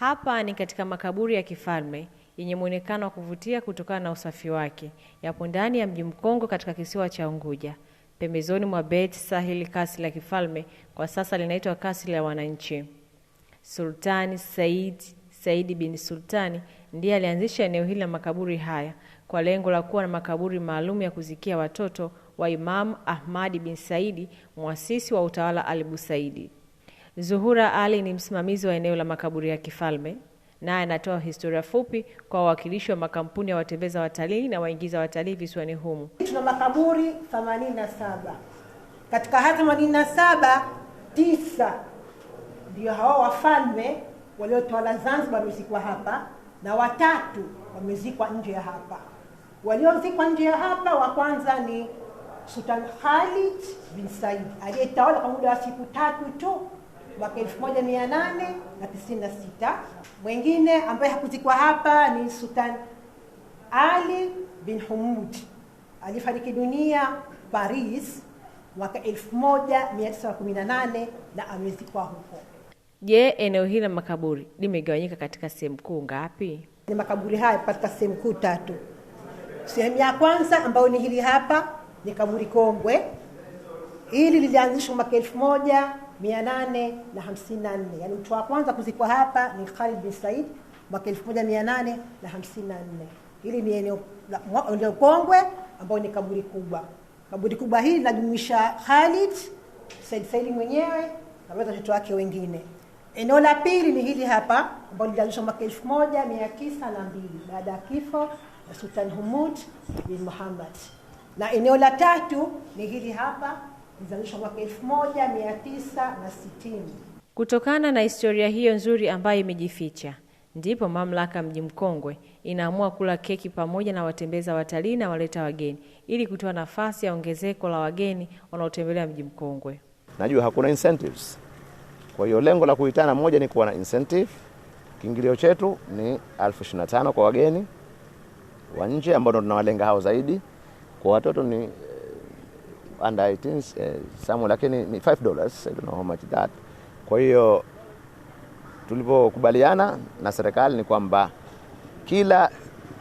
Hapa ni katika makaburi ya kifalme yenye mwonekano wa kuvutia kutokana na usafi wake, yapo ndani ya mji mkongwe katika kisiwa cha Unguja, pembezoni mwa bet Sahil. kasi la kifalme kwa sasa linaitwa kasi la wananchi. Sultani Said Saidi bin Sultani ndiye alianzisha eneo hili la makaburi haya kwa lengo la kuwa na makaburi maalum ya kuzikia watoto wa Imam Ahmadi bin Saidi, muasisi wa utawala Al Busaidi. Zuhura Ali ni msimamizi wa eneo la makaburi ya kifalme naye anatoa historia fupi kwa wawakilishi wa makampuni ya watembeza watalii na waingiza watalii visiwani humu. Tuna makaburi 87. Katika haya 87, tisa ndio hao wafalme waliotawala Zanzibar wamezikwa hapa na watatu wamezikwa nje ya hapa. Waliozikwa nje ya hapa, wa kwanza ni Sultan Khalid bin Said aliyetawala kwa muda wa siku tatu tu mwaka 1896. Mwengine ambaye hakuzikwa hapa ni Sultan Ali bin Humud, alifariki dunia Paris mwaka 1918 na amezikwa huko. Je, eneo hili la makaburi limegawanyika katika sehemu kuu ngapi? Ni makaburi haya katika sehemu kuu tatu. Sehemu ya kwanza ambayo ni hili hapa, ni kaburi kongwe. Hili lilianzishwa mwaka elfu moja 854 yani mtu wa kwanza kuzikwa hapa ni Khalid bin Said mwaka 1854 hili ni eneo eneo kongwe ambayo ni kaburi kubwa kaburi kubwa hili linajumuisha Khalid Said Said mwenyewe na watoto wake wengine eneo la pili ni hili hapa ambalo lilianzishwa mwaka 1902 baada ya kifo cha Sultan Humud bin Muhammad na eneo la tatu ni hili hapa ilizalishwa mwaka sitini. Kutokana na historia hiyo nzuri ambayo imejificha, ndipo mamlaka mji mkongwe inaamua kula keki pamoja na watembeza watalii na waleta wageni ili kutoa nafasi ya ongezeko la wageni wanaotembelea mji mkongwe. Najua hakuna incentives, kwa hiyo lengo la kuitana moja ni kuwa na incentive. Kiingilio chetu ni elfu ishirini na tano kwa wageni wa nje ambao tunawalenga hao zaidi, kwa watoto ni under 18 eh, somewhere lakini ni 5 dollars I don't know how much that. Kwa hiyo tulivyokubaliana na serikali ni kwamba kila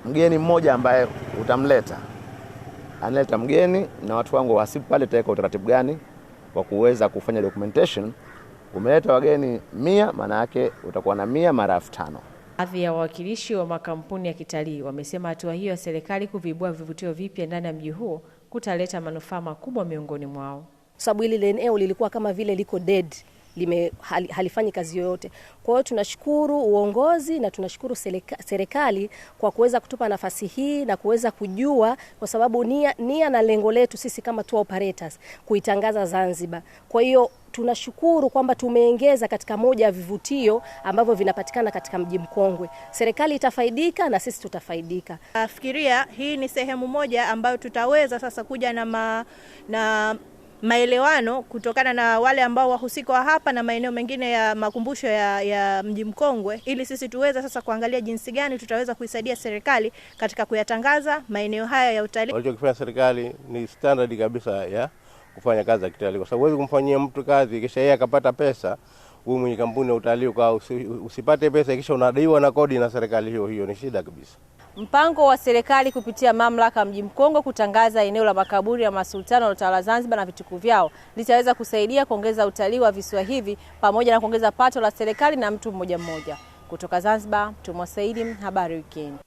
mgeni mmoja ambaye utamleta analeta mgeni na watu wangu wahasibu pale, tutaweka utaratibu gani wa kuweza kufanya documentation. Umeleta wageni mia, maana yake utakuwa na mia mara elfu tano. Baadhi ya wawakilishi wa makampuni ya kitalii wamesema hatua hiyo ya serikali kuvibua vivutio vipya ndani ya mji huo kutaleta manufaa makubwa miongoni mwao, kwa sababu hili eneo lilikuwa kama vile liko dead lime halifanyi kazi yoyote. Kwa hiyo tunashukuru uongozi na tunashukuru serikali kwa kuweza kutupa nafasi hii na kuweza kujua, kwa sababu nia, nia na lengo letu sisi kama tour operators kuitangaza Zanzibar. Kwa hiyo tunashukuru kwamba tumeongeza katika moja ya vivutio ambavyo vinapatikana katika mji mkongwe. Serikali itafaidika na sisi tutafaidika. Nafikiria hii ni sehemu moja ambayo tutaweza sasa kuja na, ma, na maelewano kutokana na wale ambao wahusika wa hapa na maeneo mengine ya makumbusho ya, ya mji mkongwe, ili sisi tuweze sasa kuangalia jinsi gani tutaweza kuisaidia serikali katika kuyatangaza maeneo haya ya utalii. Walichokifanya serikali ni standard kabisa ya kufanya kazi za kitalii, kwa sababu huwezi kumfanyia mtu kazi kisha yeye akapata pesa huyu mwenye kampuni ya utalii ukawa usipate pesa kisha unadaiwa na kodi na serikali hiyo hiyo, ni shida kabisa. Mpango wa serikali kupitia mamlaka mji Mkongwe kutangaza eneo la makaburi ya masultani utawala Zanzibar na vituku vyao litaweza kusaidia kuongeza utalii wa visiwa hivi pamoja na kuongeza pato la serikali na mtu mmoja mmoja. Kutoka Zanzibar, Tumwa Saidi, habari wikendi.